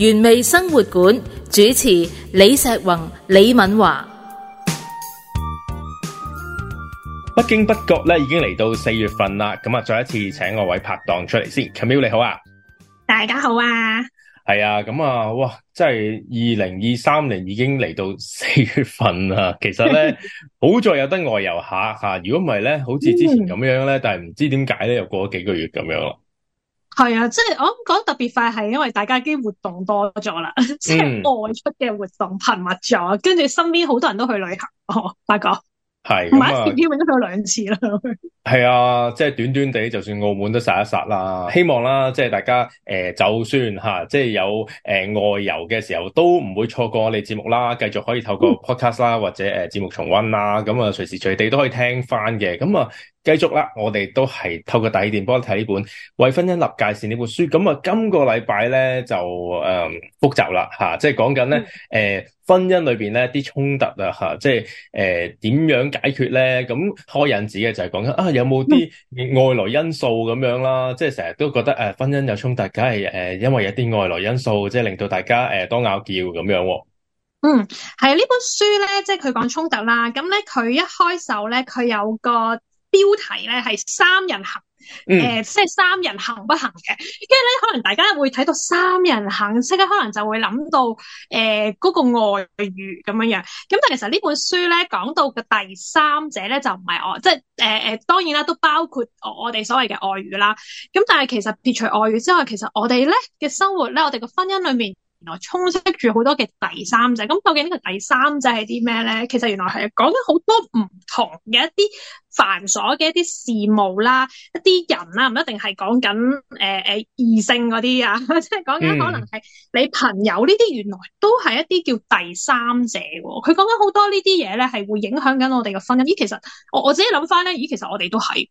原味生活館主持李碩宏、李敏華。不經不覺咧，已經嚟到四月份啦。咁啊，再一次請我位拍檔出嚟先。Camille 你好啊，大家好啊。係啊，咁啊，哇，真係二零二三年已經嚟到四月份啦。其實咧， 好在有得外遊下吓。如果唔係咧，好似之前咁樣咧，但係唔知點解咧，又過咗幾個月咁樣咯。係啊，即係我講特別快係，因為大家啲活動多咗啦，即係外出嘅活動頻密咗，跟住、嗯、身邊好多人都去旅行。哦，發覺係，同、嗯、埋一次，票兩次，已經去咗兩次啦。係 啊，即係短短地，就算澳門都殺一殺啦。希望啦，即係大家誒、呃，就算吓、啊，即係有誒、呃、外遊嘅時候，都唔會錯過我哋節目啦。繼續可以透過 podcast 啦，嗯、或者誒節、呃、目重溫啦，咁、嗯、啊、嗯，隨時隨地都可以聽翻嘅。咁、嗯、啊。嗯嗯繼續啦，我哋都係透過第二電波睇呢本為婚姻立界線呢本書。咁、嗯、啊，今個禮拜咧就誒複雜啦吓，即係講緊咧誒婚姻裏邊咧啲衝突啊吓，即係誒點樣解決咧？咁開引子嘅就係講緊啊有冇啲外來因素咁樣啦？即係成日都覺得誒婚姻有衝突，梗係誒因為有啲外來因素，啊、即係、啊就是、令到大家誒多拗交咁樣、啊。嗯，係啊呢本書咧，即係佢講衝突啦。咁咧佢一開手咧，佢有個。標題咧係三人行，誒、嗯，即係、呃就是、三人行不行嘅。跟住咧，可能大家會睇到三人行，即係可能就會諗到誒嗰、呃那個外遇咁樣樣。咁但係其實呢本書咧講到嘅第三者咧就唔係我，即係誒誒，當然啦，都包括我哋所謂嘅外遇啦。咁但係其實撇除外遇之外，其實我哋咧嘅生活咧，我哋嘅婚姻裏面。原來充斥住好多嘅第三者，咁究竟呢個第三者係啲咩咧？其實原來係講緊好多唔同嘅一啲繁瑣嘅一啲事務啦，一啲人啦，唔一定係講緊誒誒異性嗰啲啊，呃呃、啊 即係講緊可能係你朋友呢啲，原來都係一啲叫第三者，啊。佢講緊好多呢啲嘢咧，係會影響緊我哋嘅婚姻。咦，其實我我自己諗翻咧，咦，其實我哋都係。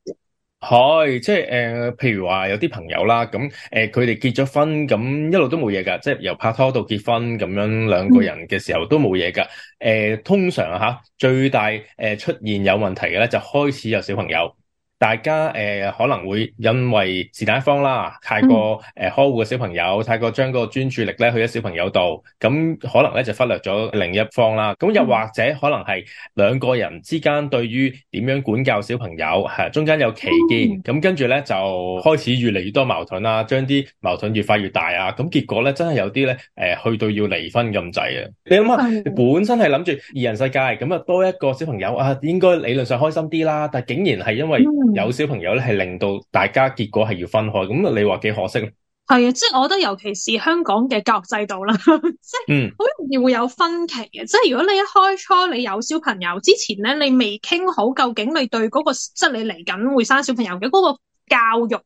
係，即係誒、呃，譬如話有啲朋友啦，咁、嗯、誒，佢、呃、哋結咗婚，咁一路都冇嘢噶，即係由拍拖到結婚咁樣兩個人嘅時候都冇嘢噶，誒、呃，通常吓最大誒、呃、出現有問題嘅咧，就開始有小朋友。大家誒、呃、可能會因為是但一方啦，太過誒呵護嘅小朋友，太過將個專注力咧去喺小朋友度，咁可能咧就忽略咗另一方啦。咁又或者可能係兩個人之間對於點樣管教小朋友，係、啊、中間有歧見，咁跟住咧就開始越嚟越多矛盾啊，將啲矛盾越發越大啊。咁結果咧真係有啲咧誒去到要離婚咁滯啊！你諗下，本身係諗住二人世界，咁啊多一個小朋友啊，應該理論上開心啲啦，但竟然係因為有小朋友咧，係令到大家結果係要分開，咁你話幾可惜咧？係啊，即係我覺得尤其是香港嘅教育制度啦， 即係是嗯，好容易會有分歧嘅。即係如果你一開初你有小朋友之前咧，你未傾好，究竟你對嗰、嗰個即係你嚟緊會生小朋友嘅嗰個。教育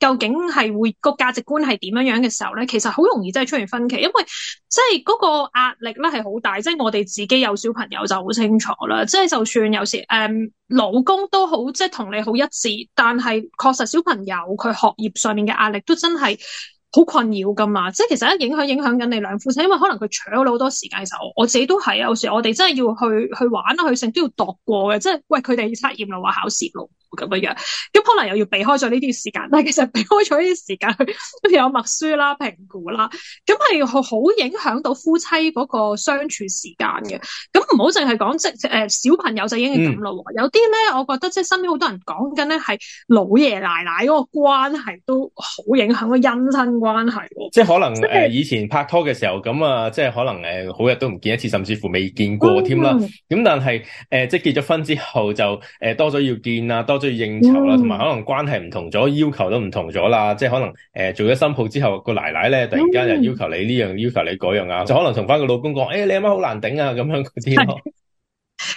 究竟係會個價值觀係點樣樣嘅時候咧，其實好容易真係出現分歧，因為即係嗰個壓力咧係好大，即係我哋自己有小朋友就好清楚啦。即係就算有時誒、嗯、老公都好，即係同你好一致，但係，確實小朋友佢學業上面嘅壓力都真係好困擾噶嘛。即係其實一影響影響緊你兩夫妻，因為可能佢搶咗好多時間。嘅時候，我自己都係有時我哋真係要去去玩啦，去成都要度過嘅。即係喂佢哋測驗咯，話考試咯。咁樣樣，咁可能又要避開咗呢啲時間。但係其實避開咗呢啲時間，跟住有默書啦、評估啦，咁係好影響到夫妻嗰個相處時間嘅。咁唔好淨係講即誒、呃、小朋友就已經咁咯。嗯、有啲咧，我覺得即係身邊好多人講緊咧，係老爺奶奶嗰個關係都好影響個姻親關係。即係可能誒是、呃，以前拍拖嘅時候咁啊，即係可能誒、呃，好日都唔見一次，甚至乎未見過添啦。咁、嗯、但係誒、呃，即係結咗婚之後就誒、呃、多咗要見啊，多。多需要應酬啦，同埋可能關係唔同咗，要求都唔同咗啦。即係可能誒、呃，做咗新抱之後，個奶奶咧突然間又要求你呢樣，要求你嗰樣啊，嗯、就可能同翻個老公講，誒、哎，你阿媽好難頂啊，咁樣嗰啲咯。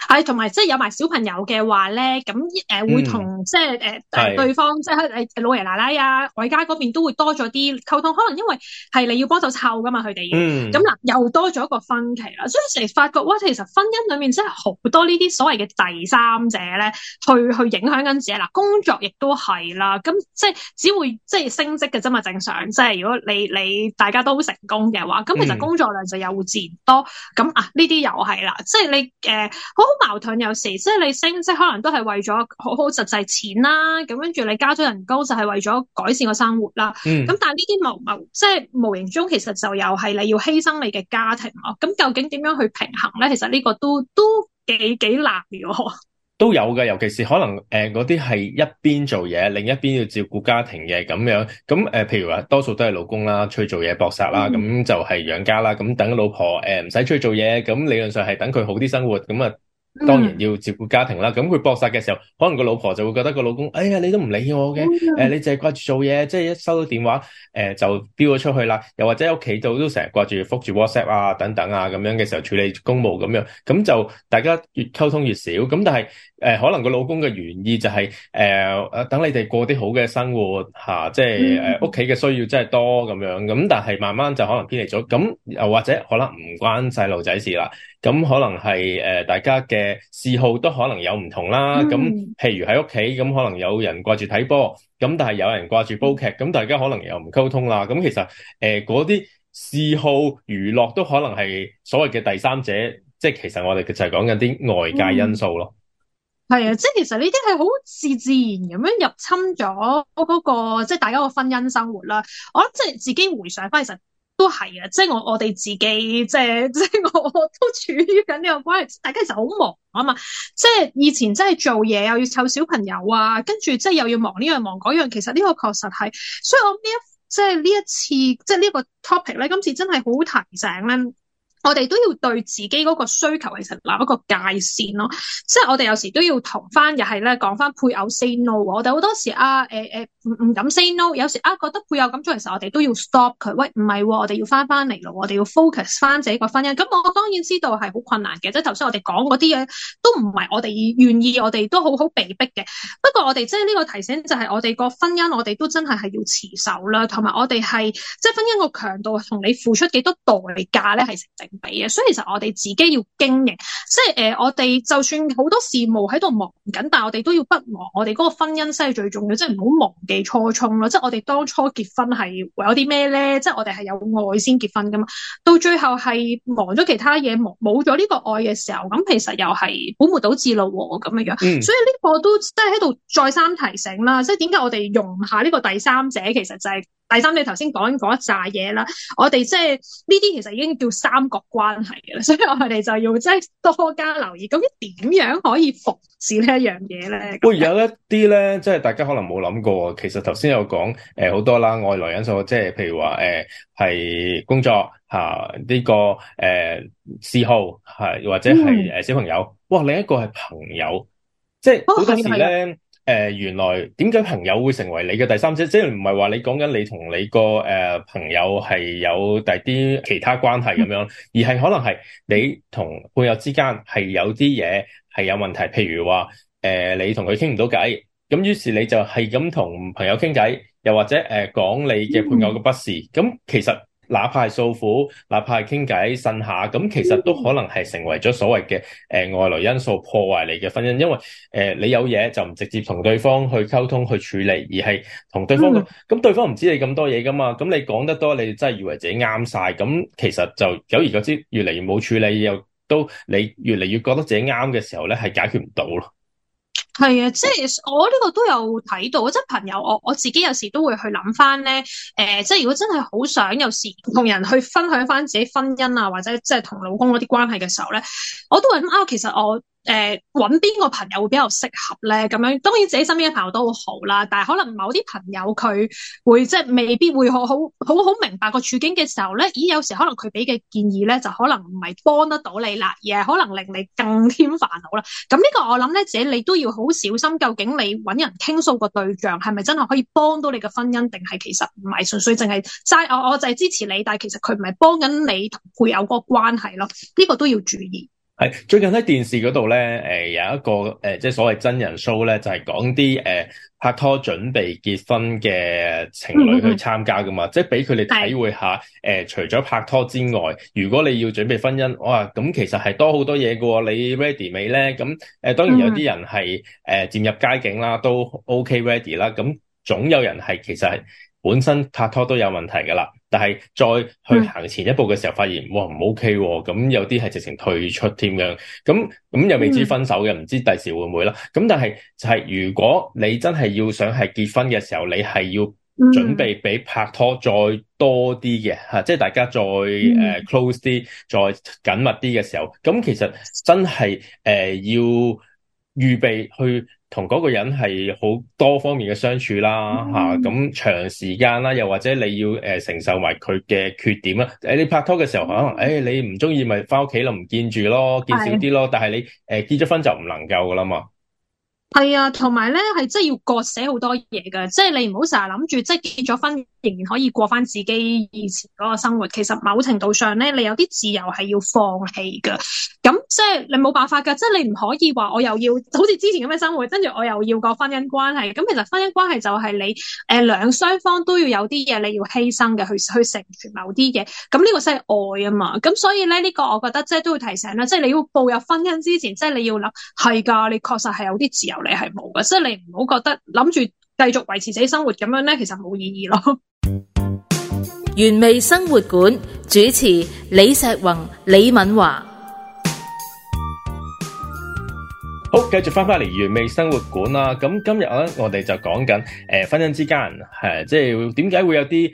係同埋即係有埋小朋友嘅話咧，咁誒會同即係誒對方即係誒老爺奶奶啊，外家嗰邊都會多咗啲溝通。可能因為係你要幫手湊噶嘛，佢哋，咁嗱、嗯、又多咗一個分歧啦。所以成發覺哇，其實婚姻裏面真係好多呢啲所謂嘅第三者咧，去去影響緊自己。嗱，工作亦都係啦，咁即係只會即係升職嘅啫嘛。正常即係如果你你大家都成功嘅話，咁其實工作量就又會自然多。咁啊呢啲又係啦，即係你誒。呃好矛盾有時，即係你升，即可能都係為咗好好實際錢啦，啊，咁跟住你加咗人工就係為咗改善個生活啦，啊。咁、嗯、但係呢啲無無，即係無形中其實就又係你要犧牲你嘅家庭咯，啊。咁究竟點樣去平衡咧？其實呢個都都幾幾難、啊、都有嘅。尤其是可能誒嗰啲係一邊做嘢，另一邊要照顧家庭嘅咁樣。咁誒、呃，譬如話多數都係老公啦，出去做嘢搏殺啦，咁、嗯、就係養家啦。咁等老婆誒唔使出去做嘢，咁理論上係等佢好啲生活。咁啊。當然要照顧家庭啦，咁佢搏殺嘅時候，可能個老婆就會覺得個老公，哎呀你都唔理我嘅，誒、 呃、你淨係掛住做嘢，即係一收到電話，誒、呃、就飆咗出去啦，又或者喺屋企度都成日掛住複住 WhatsApp 啊、等等啊咁樣嘅時候處理公務咁樣，咁就大家越溝通越少，咁但係誒、呃、可能個老公嘅原意就係誒誒等你哋過啲好嘅生活吓、啊，即係誒屋企嘅需要真係多咁樣，咁但係慢慢就可能偏離咗，咁又或者可能唔關細路仔事啦。咁可能係誒、呃、大家嘅嗜好都可能有唔同啦。咁、嗯、譬如喺屋企，咁可能有人掛住睇波，咁但係有人掛住煲劇，咁大家可能又唔溝通啦。咁其實誒嗰啲嗜好娛樂都可能係所謂嘅第三者，即係其實我哋就係講緊啲外界因素咯。係、嗯、啊，即係其實呢啲係好自自然咁樣入侵咗嗰、嗰個即係大家個婚姻生活啦。我諗即係自己回想翻，其實。都係啊，即係我我哋自己即係即係，我都處於緊呢個關係，大家其實好忙啊嘛，即係以前真係做嘢又要湊小朋友啊，跟住即係又要忙呢樣忙嗰樣，其實呢個確實係，所以我呢即係呢一次即係呢個 topic 咧，今次真係好提醒咧。我哋都要對自己嗰個需求其實立一個界線咯，即係我哋有時都要同翻，又係咧，講翻配偶 say no。我哋好多時啊誒誒唔唔敢 say no，有時啊覺得配偶咁做，其實我哋都要 stop 佢。喂，唔係喎，我哋要翻翻嚟咯，我哋要，要 focus 翻自己個婚姻。咁、嗯、我當然知道係好困難嘅，即係頭先我哋講嗰啲嘢都唔係我哋願意，我哋都好好被逼嘅。不過我哋即係呢個提醒就係我哋個婚姻，我哋都真係係要持守啦，同埋我哋係即係婚姻個強度同你付出幾多代價咧係成俾嘅，所以其實我哋自己要經營，即係誒、呃，我哋就算好多事務喺度忙緊，但係我哋都要不忘我哋嗰個婚姻先係最重要，即係唔好忘記初衷咯。即係我哋當初結婚係為有啲咩咧？即係我哋係有愛先結婚㗎嘛。到最後係忙咗其他嘢，忙冇咗呢個愛嘅時候，咁其實又係本末倒置咯，咁樣樣。嗯、所以呢個都即係喺度再三提醒啦。即係點解我哋用下呢個第三者，其實就係、是。第三，你頭先講嗰一紮嘢啦，我哋即係呢啲其實已經叫三角關係嘅，所以我哋就要即係多加留意。咁點樣可以防止呢一樣嘢咧？會、哦、有一啲咧，即係大家可能冇諗過。其實頭先有講誒好多啦，外來因素，即係譬如話誒係工作嚇呢、啊這個誒、呃、嗜好，係或者係誒小朋友。嗯、哇，另一個係朋友，即係好、哦、多時咧。哦係係誒、呃，原來點解朋友會成為你嘅第三者？即係唔係話你講緊你同你個誒、呃、朋友係有第啲其他關係咁樣，而係可能係你同配偶之間係有啲嘢係有問題，譬如話誒、呃、你同佢傾唔到偈，咁於是你就係咁同朋友傾偈，又或者誒、呃、講你嘅配偶嘅不是，咁其實。哪怕係訴苦，哪怕係傾偈，呻下，咁其實都可能係成為咗所謂嘅誒、呃、外來因素破壞你嘅婚姻，因為誒、呃、你有嘢就唔直接同對方去溝通去處理，而係同對方咁，咁、嗯、對方唔知你咁多嘢噶嘛，咁你講得多，你真係以為自己啱晒，咁其實就久而久之越嚟越冇處理，又都你越嚟越覺得自己啱嘅時候咧，係解決唔到咯。係啊，即係我呢個都有睇到，即係朋友我我自己有時都會去諗翻咧，誒、呃，即係如果真係好想有時同人去分享翻自己婚姻啊，或者即係同老公嗰啲關係嘅時候咧，我都係咁啊，其實我。誒，搵邊、呃、個朋友會比較適合咧？咁樣當然自己身邊嘅朋友都好啦，但係可能某啲朋友佢會即係未必會好好好好明白個處境嘅時候咧，咦？有時可能佢俾嘅建議咧就可能唔係幫得到你啦，而係可能令你更添煩惱啦。咁、嗯、呢、這個我諗咧，自己你都要好小心，究竟你搵人傾訴個對象係咪真係可以幫到你嘅婚姻，定係其實唔係純粹淨係齋我，我就係支持你，但係其實佢唔係幫緊你同配偶嗰個關係咯。呢、這個都要注意。係最近喺電視嗰度咧，誒、呃、有一個誒、呃、即係所謂真人 show 咧，就係講啲誒拍拖準備結婚嘅情侶去參加噶嘛，嗯、即係俾佢哋體會下誒、嗯呃、除咗拍拖之外，如果你要準備婚姻，哇咁其實係多好多嘢噶，你 ready 未咧？咁誒、呃、當然有啲人係誒漸入街境啦，都 OK ready 啦，咁總有人係其實係本身拍拖都有問題噶啦。但係再去行前一步嘅時候，發現、嗯、哇唔 OK 喎，咁、啊、有啲係直情退出添樣，咁咁又未知分手嘅，唔、嗯、知第時會唔會啦。咁但係就係如果你真係要想係結婚嘅時候，你係要準備比拍拖再多啲嘅吓，即係大家再誒、呃、close 啲、再緊密啲嘅時候，咁其實真係誒、呃、要預備去。同嗰個人係好多方面嘅相處啦，嚇咁、嗯啊、長時間啦，又或者你要誒、呃、承受埋佢嘅缺點啦。誒、哎、你拍拖嘅時候，可能誒你唔中意，咪翻屋企就唔見住咯，見少啲咯。啊、但係你誒、呃、結咗婚就唔能夠噶啦嘛。係啊，同埋咧係真係要割捨好多嘢噶，即、就、係、是、你唔好成日諗住即係結咗婚。仍然可以過翻自己以前嗰個生活。其實某程度上咧，你有啲自由係要放棄噶。咁即係你冇辦法噶，即係你唔可以話我又要好似之前咁嘅生活，跟住我又要個婚姻關係。咁其實婚姻關係就係你誒、呃、兩雙方都要有啲嘢你要犧牲嘅，去去成全某啲嘢。咁呢個真係愛啊嘛。咁所以咧呢、呢個我覺得即係都要提醒啦，即係你要步入婚姻之前，即係你要諗係噶，你確實係有啲自由你係冇嘅，即係你唔好覺得諗住繼續維持自己生活咁樣咧，其實冇意義咯。原味生活館主持李碩宏、李敏華，好，繼續翻返嚟原味生活館啦。咁今日咧，我哋就講緊誒婚姻之間，係、啊、即係點解會有啲誒、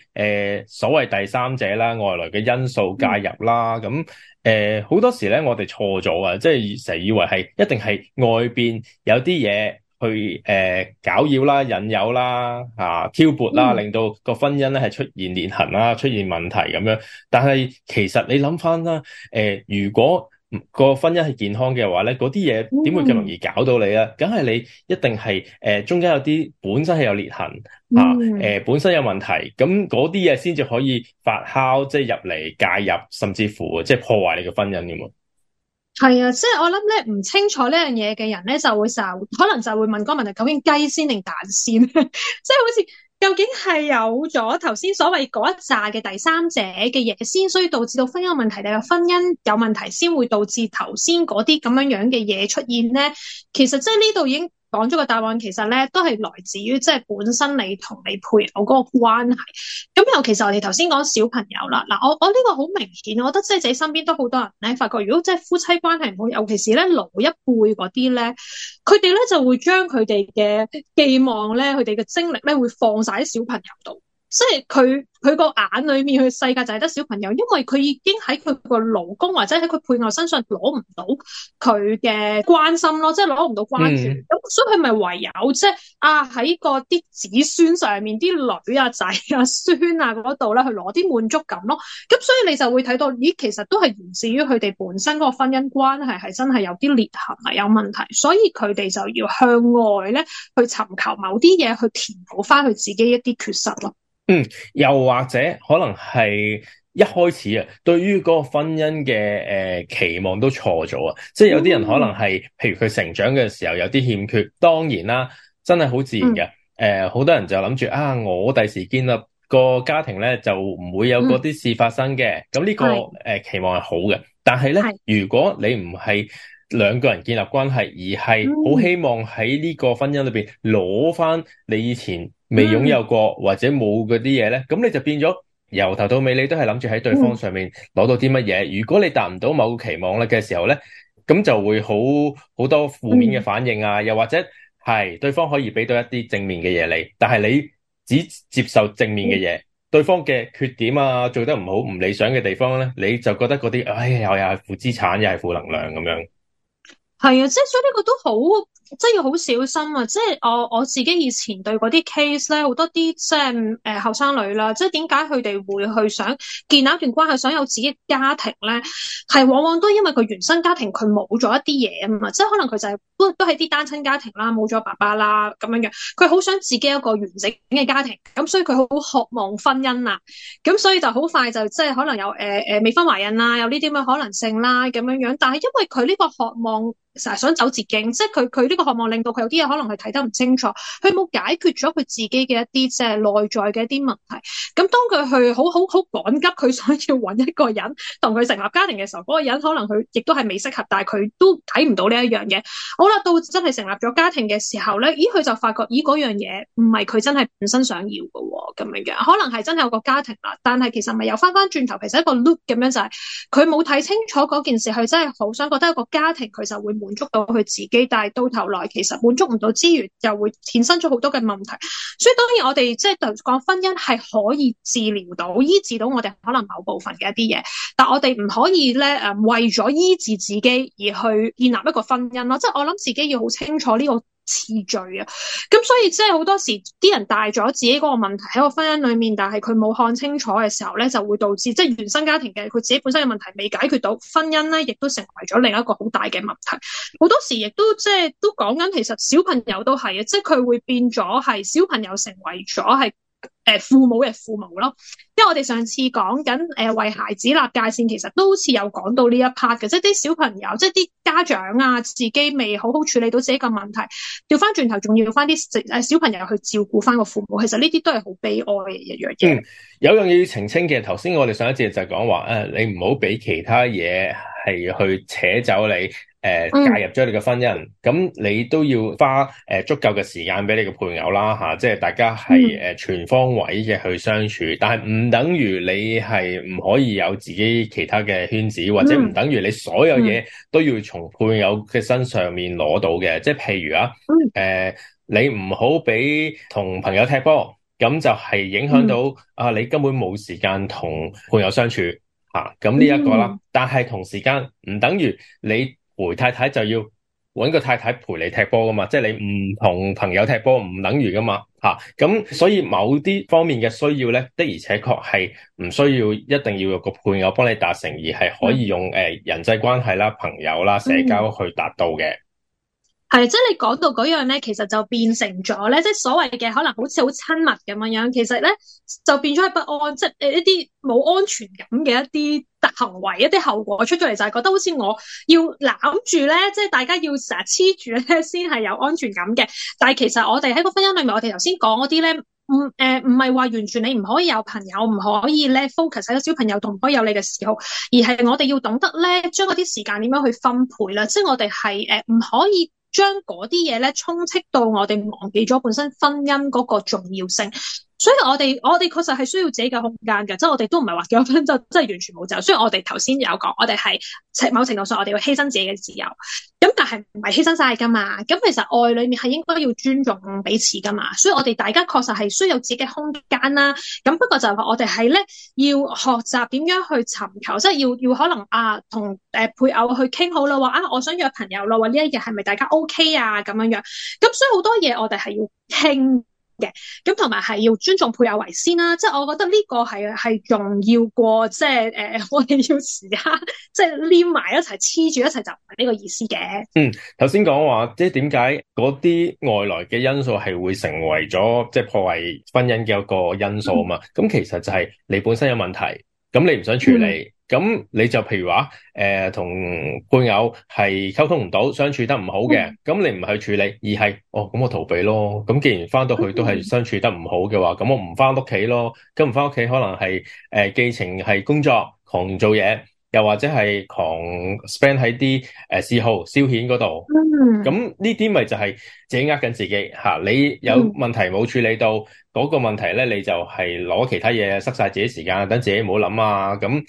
呃、所謂第三者啦、外來嘅因素介入啦。咁誒好多時咧，我哋錯咗啊，即係成日以為係一定係外邊有啲嘢。去誒搞擾啦、引誘啦、嚇、啊、挑撥啦、啊，令到個婚姻咧係出現裂痕啦、出現問題咁樣。但係其實你諗翻啦，誒、呃、如果個婚姻係健康嘅話咧，嗰啲嘢點會咁容易搞到你啊？梗係、嗯、你一定係誒、呃、中間有啲本身係有裂痕啊，誒、啊呃、本身有問題，咁嗰啲嘢先至可以發酵，即係入嚟介入，甚至乎即係破壞你嘅婚姻咁啊！係啊，即係我諗咧唔清楚呢樣嘢嘅人咧，就會就可能就會問嗰個問題：究竟雞先定蛋先？ 即係好似究竟係有咗頭先所謂嗰一紮嘅第三者嘅嘢，先所以導致到婚姻問題，定係婚姻有問題，先會導致頭先嗰啲咁樣樣嘅嘢出現咧？其實即係呢度已經。講咗個答案，其實咧都係來自於即係本身你同你配偶嗰個關係。咁尤其係我哋頭先講小朋友啦，嗱我我呢個好明顯，我覺得即係自己身邊都好多人咧，發覺如果即係夫妻關係唔好，尤其是咧老一輩嗰啲咧，佢哋咧就會將佢哋嘅寄望咧，佢哋嘅精力咧會放晒喺小朋友度。即係佢佢個眼裏面佢世界就係得小朋友，因為佢已經喺佢個老公或者喺佢配偶身上攞唔到佢嘅關心咯，即係攞唔到關注咁，嗯、所以佢咪唯有即係啊喺個啲子孫上面，啊，啲女啊仔啊孫啊嗰度咧去攞啲滿足感咯。咁所以你就會睇到，咦，其實都係源自於佢哋本身嗰個婚姻關係係真係有啲裂痕啊，有問題，所以佢哋就要向外咧去尋求某啲嘢去填補翻佢自己一啲缺失咯。嗯，又或者可能係一開始啊，對於嗰個婚姻嘅誒、呃、期望都錯咗啊，即係有啲人可能係，嗯、譬如佢成長嘅時候有啲欠缺，當然啦，真係好自然嘅，誒、嗯，好、呃、多人就諗住啊，我第時建立個家庭咧，就唔會有嗰啲事發生嘅，咁呢、嗯呢個誒、嗯呃、期望係好嘅，但係咧，嗯、如果你唔係兩個人建立關係，而係好希望喺呢個婚姻裏邊攞翻你以前未擁有過或者冇嗰啲嘢咧。咁你就變咗由頭到尾，你都係諗住喺對方上面攞到啲乜嘢。如果你達唔到某個期望咧嘅時候咧，咁就會好好多負面嘅反應啊。又或者係對方可以俾到一啲正面嘅嘢你，但係你只接受正面嘅嘢，對方嘅缺點啊做得唔好唔理想嘅地方咧，你就覺得嗰啲哎又資又係負資產又係負能量咁樣。係啊，即係所以呢個都好。真係要好小心啊！即係我我自己以前對嗰啲 case 咧，好多啲即係誒後生女啦，即係點解佢哋會去想建立一段關係，想有自己嘅家庭咧，係往往都因為佢原生家庭佢冇咗一啲嘢啊嘛！即係可能佢就係、是、都都係啲單親家庭啦，冇咗爸爸啦咁樣樣，佢好想自己一個完整嘅家庭，咁所以佢好渴望婚姻啊！咁所以就好快就即係可能有誒誒、呃、未婚懷孕啦，有呢啲咁嘅可能性啦，咁樣樣。但係因為佢呢個渴望成日想走捷徑，即係佢佢呢個。渴望令到佢有啲嘢可能係睇得唔清楚，佢冇解決咗佢自己嘅一啲即係內在嘅一啲問題。咁當佢去好好好趕急，佢想要揾一個人同佢成立家庭嘅時候，嗰個人可能佢亦都係未適合，但係佢都睇唔到呢一樣嘢。好啦，到真係成立咗家庭嘅時候咧，咦，佢就發覺咦嗰樣嘢唔係佢真係本身想要嘅咁樣樣。可能係真係有個家庭啦，但係其實咪又翻翻轉頭，其實一個 look 咁樣就係佢冇睇清楚嗰件事，佢真係好想覺得一個家庭佢就會滿足到佢自己，但係到頭來其實滿足唔到之餘，又會衍生咗好多嘅問題，所以當然我哋即係講婚姻係可以治療到、醫治到我哋可能某部分嘅一啲嘢，但我哋唔可以咧，誒為咗醫治自己而去建立一個婚姻咯，即係我諗自己要好清楚呢個。次序啊，咁所以即係好多時啲人帶咗自己嗰個問題喺個婚姻裏面，但係佢冇看清楚嘅時候咧，就會導致即係、就是、原生家庭嘅佢自己本身嘅問題未解決到，婚姻咧亦都成為咗另一個好大嘅問題。好多時亦、就是、都即係都講緊，其實小朋友都係啊，即係佢會變咗係小朋友成為咗係。誒，父母嘅父母咯，因為我哋上次講緊，誒、呃、為孩子立界線，其實都好似有講到呢一 part 嘅，即係啲小朋友，即係啲家長啊，自己未好好處理到自己嘅問題，調翻轉頭仲要用翻啲誒小朋友去照顧翻個父母，其實呢啲都係好悲哀嘅一樣嘢、嗯。有樣嘢要澄清嘅，頭先我哋上一節就係講話，誒，你唔好俾其他嘢係去扯走你。誒、呃，介入咗你嘅婚姻，咁你都要花誒、呃、足夠嘅時間俾你嘅配偶啦，吓、啊，即係大家係誒、呃、全方位嘅去相處。但係唔等於你係唔可以有自己其他嘅圈子，或者唔等於你所有嘢都要從配偶嘅身上面攞到嘅。即係譬如啊，誒、呃，你唔好俾同朋友踢波，咁就係影響到、嗯、啊，你根本冇時間同配偶相處吓。咁呢一個啦，但係同時間唔等於你。陪太太就要揾個太太陪你踢波噶嘛，即係你唔同朋友踢波唔等於噶嘛嚇。咁、啊、所以某啲方面嘅需要咧，的而且確係唔需要一定要有個配偶幫你達成，而係可以用誒人際關係啦、朋友啦、社交去達到嘅。係，即係你講到嗰樣咧，其實就變成咗咧，即係所謂嘅可能好似好親密咁樣樣，其實咧就變咗係不安，即係一啲冇安全感嘅一啲。行為一啲後果出咗嚟，就係覺得好似我要攬住咧，即係大家要成日黐住咧，先係有安全感嘅。但係其實我哋喺個婚姻裏面，我哋頭先講嗰啲咧，唔誒唔係話完全你唔可以有朋友，唔可以咧 focus 喺個小朋友，同唔可以有你嘅時候，而係我哋要懂得咧，將嗰啲時間點樣去分配啦。即係我哋係誒唔可以將嗰啲嘢咧，充斥到我哋忘記咗本身婚姻嗰個重要性。所以我哋我哋確實係需要自己嘅空間嘅，即係我哋都唔係話幾多分就即係完全冇就。雖然我哋頭先有講，我哋係某程度上我哋要犧牲自己嘅自由，咁但係唔係犧牲晒噶嘛。咁其實愛裏面係應該要尊重彼此噶嘛。所以我哋大家確實係需要自己嘅空間啦。咁不過就係話我哋係咧要學習點樣去尋求，即係要要可能啊，同誒配偶去傾好啦，話啊，我想約朋友啦，話呢一日係咪大家 OK 啊咁樣樣。咁所以好多嘢我哋係要傾。嘅，咁同埋係要尊重配偶為先啦，啊，即係我覺得呢個係係重要過即係誒、呃，我哋要時刻即係黏埋一齊黐住一齊就唔係呢個意思嘅。嗯，頭先講話即係點解嗰啲外來嘅因素係會成為咗即係破壞婚姻嘅一個因素啊嘛？咁，嗯、其實就係你本身有問題，咁你唔想處理。嗯咁你就譬如話，誒、呃，同配偶係溝通唔到，相處得唔好嘅，咁、mm hmm. 你唔去處理，而係，哦，咁我逃避咯。咁既然翻到去都係相處得唔好嘅話，咁我唔翻屋企咯。咁唔翻屋企，可能係，誒、呃，寄情係工作，狂做嘢，又或者係狂 spend 喺啲，誒、呃，嗜好、消遣嗰度。咁呢啲咪就係自己呃緊自己吓、啊。你有問題冇處理到嗰、mm hmm. 個問題咧，你就係攞其他嘢塞晒自己時間，等自己唔好諗啊咁。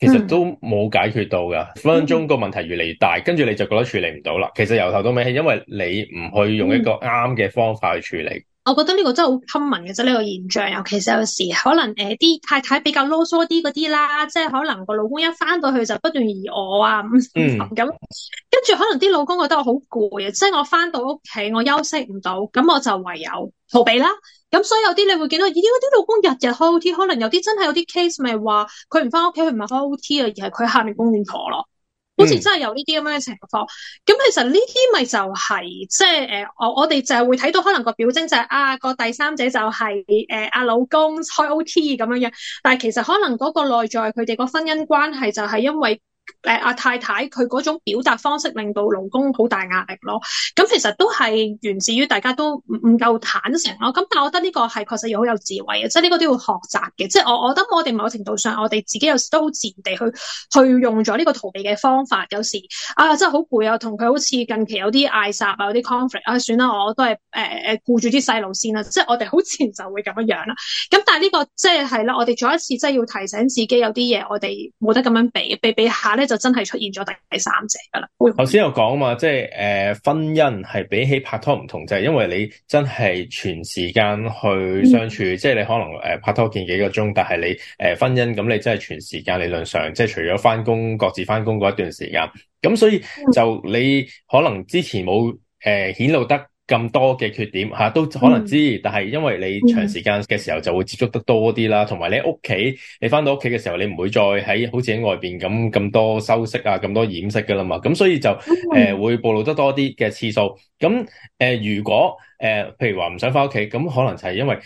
其實都冇解決到噶，分分鐘個問題越嚟越大，跟住、嗯、你就覺得處理唔到啦。其實由頭到尾，係因為你唔去用一個啱嘅方法去處理。我覺得呢個真係好 common 嘅啫，呢、這個現象。尤其是有時可能誒，啲、呃、太太比較囉嗦啲嗰啲啦，即係可能個老公一翻到去就不斷嫌我啊，咁跟住可能啲老公覺得我好攰啊，即係我翻到屋企我休息唔到，咁我就唯有逃避啦。咁所以有啲你會見到咦，啲、欸、啲老公日日開 O T，可能有啲真係有啲 case 咪話佢唔翻屋企，佢唔開 O T 啊，而係佢下面公婆咯，好似真係有呢啲咁樣嘅情況。咁、嗯、其實呢啲咪就係即係誒，我我哋就係會睇到可能個表徵就係、是、啊個第三者就係誒阿老公開 O T 咁樣樣，但係其實可能嗰個內在佢哋個婚姻關係就係因為。誒，阿太太佢嗰種表達方式令到老公好大壓力咯。咁其實都係源自於大家都唔唔夠坦誠咯。咁但係我覺得呢個係確實要好有智慧嘅，即係呢個都要學習嘅。即係我我覺得我哋某程度上我哋自己有時都好自然地去去用咗呢個逃避嘅方法。有時啊，真係好攰啊，同佢好似近期有啲嗌霎啊，有啲 conflict 啊，算啦，我都係誒誒顧住啲細路先啦。即係我哋好自然就會咁樣樣啦。咁但係呢個即係係啦，我哋再一次即係要提醒自己有啲嘢我哋冇得咁樣避避避下。咧就真係出現咗第三者噶啦。頭先有講啊嘛，即係誒，婚姻係比起拍拖唔同，就係、是、因為你真係全時間去相處，即係、嗯、你可能誒拍拖見幾個鐘，但係你誒、呃、婚姻咁，你真係全時間理論上，即、就、係、是、除咗返工各自返工一段時間，咁所以就你可能之前冇誒顯露得。咁多嘅缺點嚇、啊，都可能知。但係因為你長時間嘅時候，就會接觸得多啲啦。同埋、嗯、你屋企，你翻到屋企嘅時候，你唔會再喺好似喺外邊咁咁多修飾啊，咁多掩飾噶啦嘛。咁所以就誒、呃、會暴露得多啲嘅次數。咁誒、呃，如果誒、呃，譬如話唔想翻屋企，咁可能就係因為誒、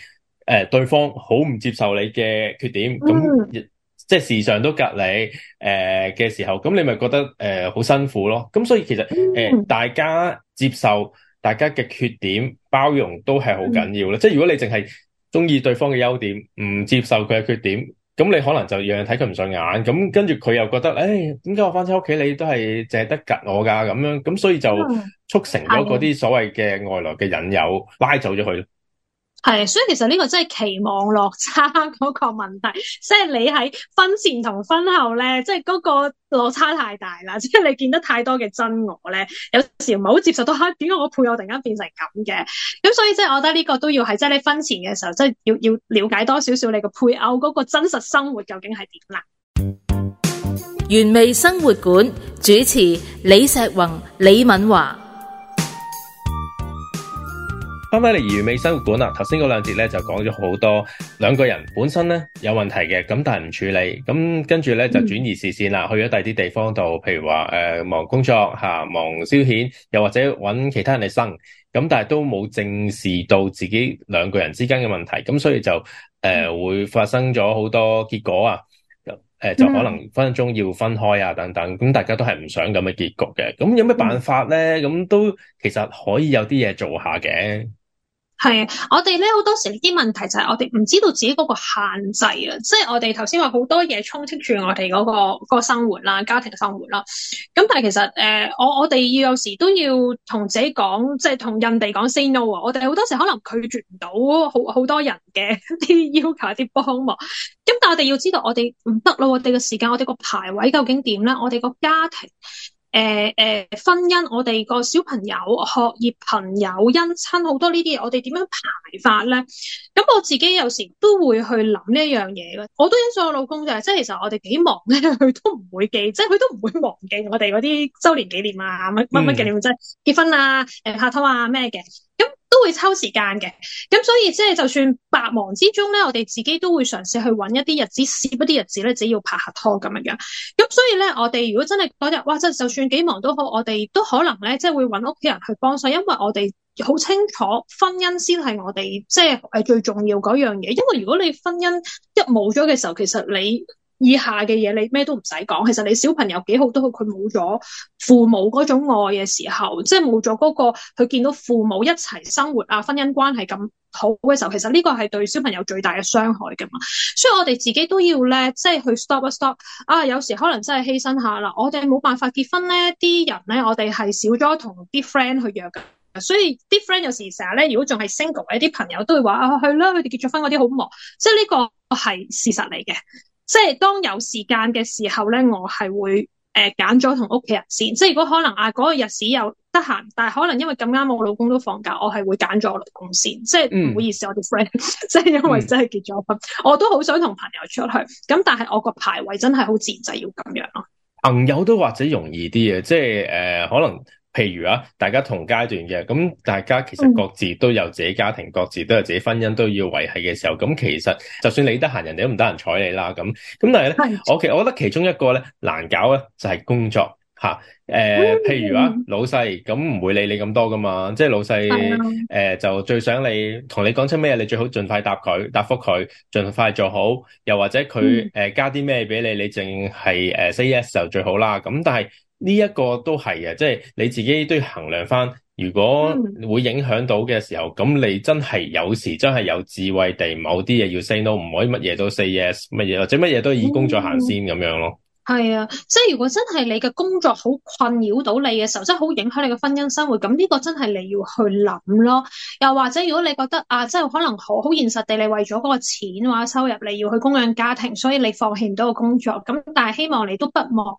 呃、對方好唔接受你嘅缺點。咁、嗯、即係時常都隔離誒嘅時候，咁你咪覺得誒好、呃、辛苦咯。咁所以其實誒、呃、大家接受。大家嘅缺點包容都係好緊要啦，嗯、即係如果你淨係中意對方嘅優點，唔接受佢嘅缺點，咁你可能就樣樣睇佢唔上眼，咁跟住佢又覺得，誒，點解我翻親屋企你都係淨係得及我㗎咁樣，咁所以就促成咗嗰啲所謂嘅外來嘅引誘拉走咗佢。係，所以其實呢個真係期望落差嗰個問題，即係你喺婚前同婚後咧，即係嗰個落差太大啦，即係你見得太多嘅真我咧，有時唔係好接受到，哈點解我配偶突然間變成咁嘅？咁所以即係我覺得呢個都要係，即係你婚前嘅時候，即係要要了解多少少你個配偶嗰個真實生活究竟係點啦。原味生活館主持李碩宏、李敏華。翻返嚟怡園美生活館啦，頭先嗰兩節咧就講咗好多，兩個人本身咧有問題嘅，咁但係唔處理，咁跟住咧就轉移視線啦，去咗第二啲地方度，譬如話誒、呃、忙工作吓，忙消遣，又或者搵其他人嚟生，咁但係都冇正視到自己兩個人之間嘅問題，咁所以就誒、呃、會發生咗好多結果啊，誒、嗯呃、就可能分分鐘要分開啊等等，咁大家都係唔想咁嘅結局嘅，咁有咩辦法咧？咁都其實可以有啲嘢做下嘅。係，我哋咧好多時，啲問題就係我哋唔知道自己嗰個限制啊，即係我哋頭先話好多嘢充斥住我哋嗰、嗰個、嗰個生活啦，家庭生活啦。咁但係其實誒、呃，我我哋要有時都要同自己講，即係同人哋講 say no 啊。我哋好多時可能拒絕唔到好好多人嘅啲要求、啲幫忙。咁但係我哋要知道我，我哋唔得咯，我哋嘅時間，我哋個排位究竟點咧？我哋個家庭。誒誒，婚姻，我哋個小朋友、學業、朋友、姻親，好多呢啲嘢，我哋點樣排法咧？咁我自己有時都會去諗呢一樣嘢咯。我都欣賞我老公就係，即係其實我哋幾忙咧，佢都唔會記，即係佢都唔會忘記我哋嗰啲周年紀念啊，乜乜乜嘅，紀念嗯、即係結婚啊，誒、呃、拍拖啊咩嘅咁。都會抽時間嘅，咁所以即係就算百忙之中咧，我哋自己都會嘗試去揾一啲日子，試一啲日子咧，只要拍下拖咁樣樣。咁所以咧，我哋如果真係嗰日，哇！真係就算幾忙都好，我哋都可能咧，即係會揾屋企人去幫手，因為我哋好清楚婚姻先係我哋即係誒最重要嗰樣嘢。因為如果你婚姻一冇咗嘅時候，其實你。以下嘅嘢，你咩都唔使講。其實你小朋友幾好都好，佢冇咗父母嗰種愛嘅時候，即係冇咗嗰個佢見到父母一齊生活啊，婚姻關係咁好嘅時候，其實呢個係對小朋友最大嘅傷害噶嘛。所以我哋自己都要咧，即係去 stop 一 stop 啊。有時可能真係犧牲下啦，我哋冇辦法結婚咧，啲人咧，我哋係少咗同啲 friend 去約噶，所以啲 friend 有時成日咧，如果仲係 single 一啲朋友，都會話啊，去啦，佢哋結咗婚嗰啲好忙，即係呢個係事實嚟嘅。即係當有時間嘅時候咧，我係會誒揀咗同屋企人先。即係如果可能啊，嗰、嗰個日子有得閒，但係可能因為咁啱我老公都放假，我係會揀咗我老公先。即係唔好意思，我啲 friend 即係因為真係結咗婚，嗯、我都好想同朋友出去。咁但係我個排位真係好自然，就係、要咁樣咯。朋友都或者容易啲嘅，即係誒、呃、可能。譬如啊，大家同階段嘅，咁大家其實各自都有自己家庭，嗯、各自都有自己婚姻，都要維繫嘅時候，咁其實就算你得閒，人哋都唔得閒睬你啦。咁咁，但係咧，的我其我覺得其中一個咧難搞咧，就係、是、工作嚇。誒、啊，譬如話，嗯、老細咁唔會理你咁多㗎嘛，即係老細誒、嗯呃、就最想你同你講清咩，你最好盡快答佢，答覆佢，盡快做好。又或者佢誒、呃、加啲咩俾你，你淨係誒 say yes 就最好啦。咁但係。呢一個都係嘅，即係你自己都要衡量翻，如果會影響到嘅時候，咁你真係有時真係有智慧地，某啲嘢要 say no，唔可以乜嘢都 say yes，乜嘢或者乜嘢都以工作行先咁樣咯。係啊，即係如果真係你嘅工作好困擾到你嘅時候，即係好影響你嘅婚姻生活，咁呢個真係你要去諗咯。又或者如果你覺得啊，即係可能好好現實地，你為咗個錢或者收入你，你要去供養家庭，所以你放棄唔到個工作。咁但係希望你都不忘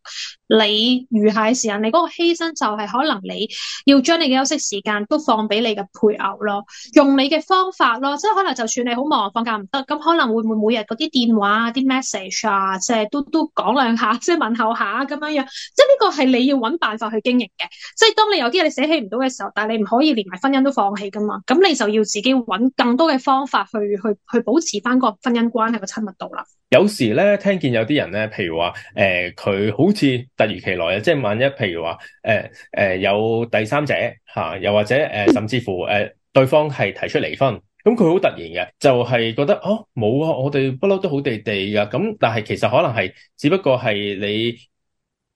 你餘下嘅時間，你個犧牲就係可能你要將你嘅休息時間都放俾你嘅配偶咯，用你嘅方法咯。即係可能就算你好忙放假唔得，咁可能會唔會每日嗰啲電話啊、啲 message 啊，即係都都講兩下。即係問候下咁樣樣，即係呢個係你要揾辦法去經營嘅。即係當你有啲嘢你捨棄唔到嘅時候，但係你唔可以連埋婚姻都放棄噶嘛。咁你就要自己揾更多嘅方法去去去保持翻個婚姻關係嘅親密度啦。有時咧，聽見有啲人咧，譬如話誒，佢、呃、好似突如其來嘅，即係萬一譬如話誒誒有第三者吓、啊，又或者誒、呃、甚至乎誒、呃、對方係提出離婚。咁佢好突然嘅，就係、是、覺得哦，冇啊，我哋不嬲都好地地㗎。咁但係其實可能係，只不過係你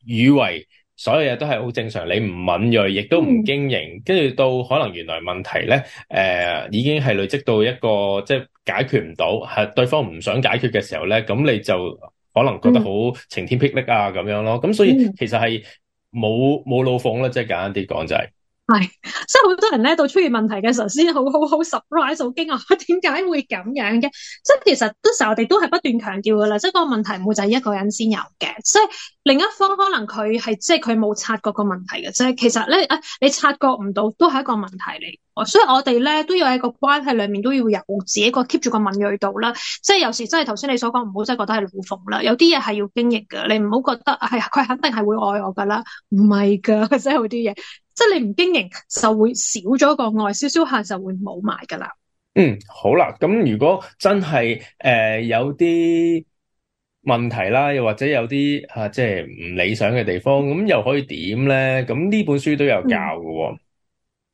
以為所有嘢都係好正常，你唔敏鋭，亦都唔經營，跟住到可能原來問題咧，誒、呃、已經係累積到一個即係解決唔到，係對方唔想解決嘅時候咧，咁你就可能覺得好晴天霹靂啊咁樣咯。咁所以其實係冇冇老奉啦，即係、嗯、簡單啲講就係、是。係，所以好多人咧到出現問題嘅時候先好，好好 surprise，好驚訝，點解會咁樣嘅？即係其實，嗰時候我哋都係不斷強調噶啦，即係個問題唔會就係一個人先有嘅。即係另一方可能佢係即係佢冇察覺過個問題嘅，即係其實咧，誒，你察覺唔到都係一個問題嚟。所以我哋咧都要喺個關係裏面都要有自己個 keep 住個敏銳度啦。即係有時真係頭先你所講，唔好真係覺得係老馮啦，有啲嘢係要經營嘅。你唔好覺得係哎呀，佢肯定係會愛我噶啦，唔係噶，即係有啲嘢。即係你唔經營，就會少咗個外銷消消客，就會冇埋噶啦。嗯，好啦，咁如果真係誒、呃、有啲問題啦，又或者有啲吓、啊、即係唔理想嘅地方，咁又可以點咧？咁呢本書都有教㗎、哦。嗯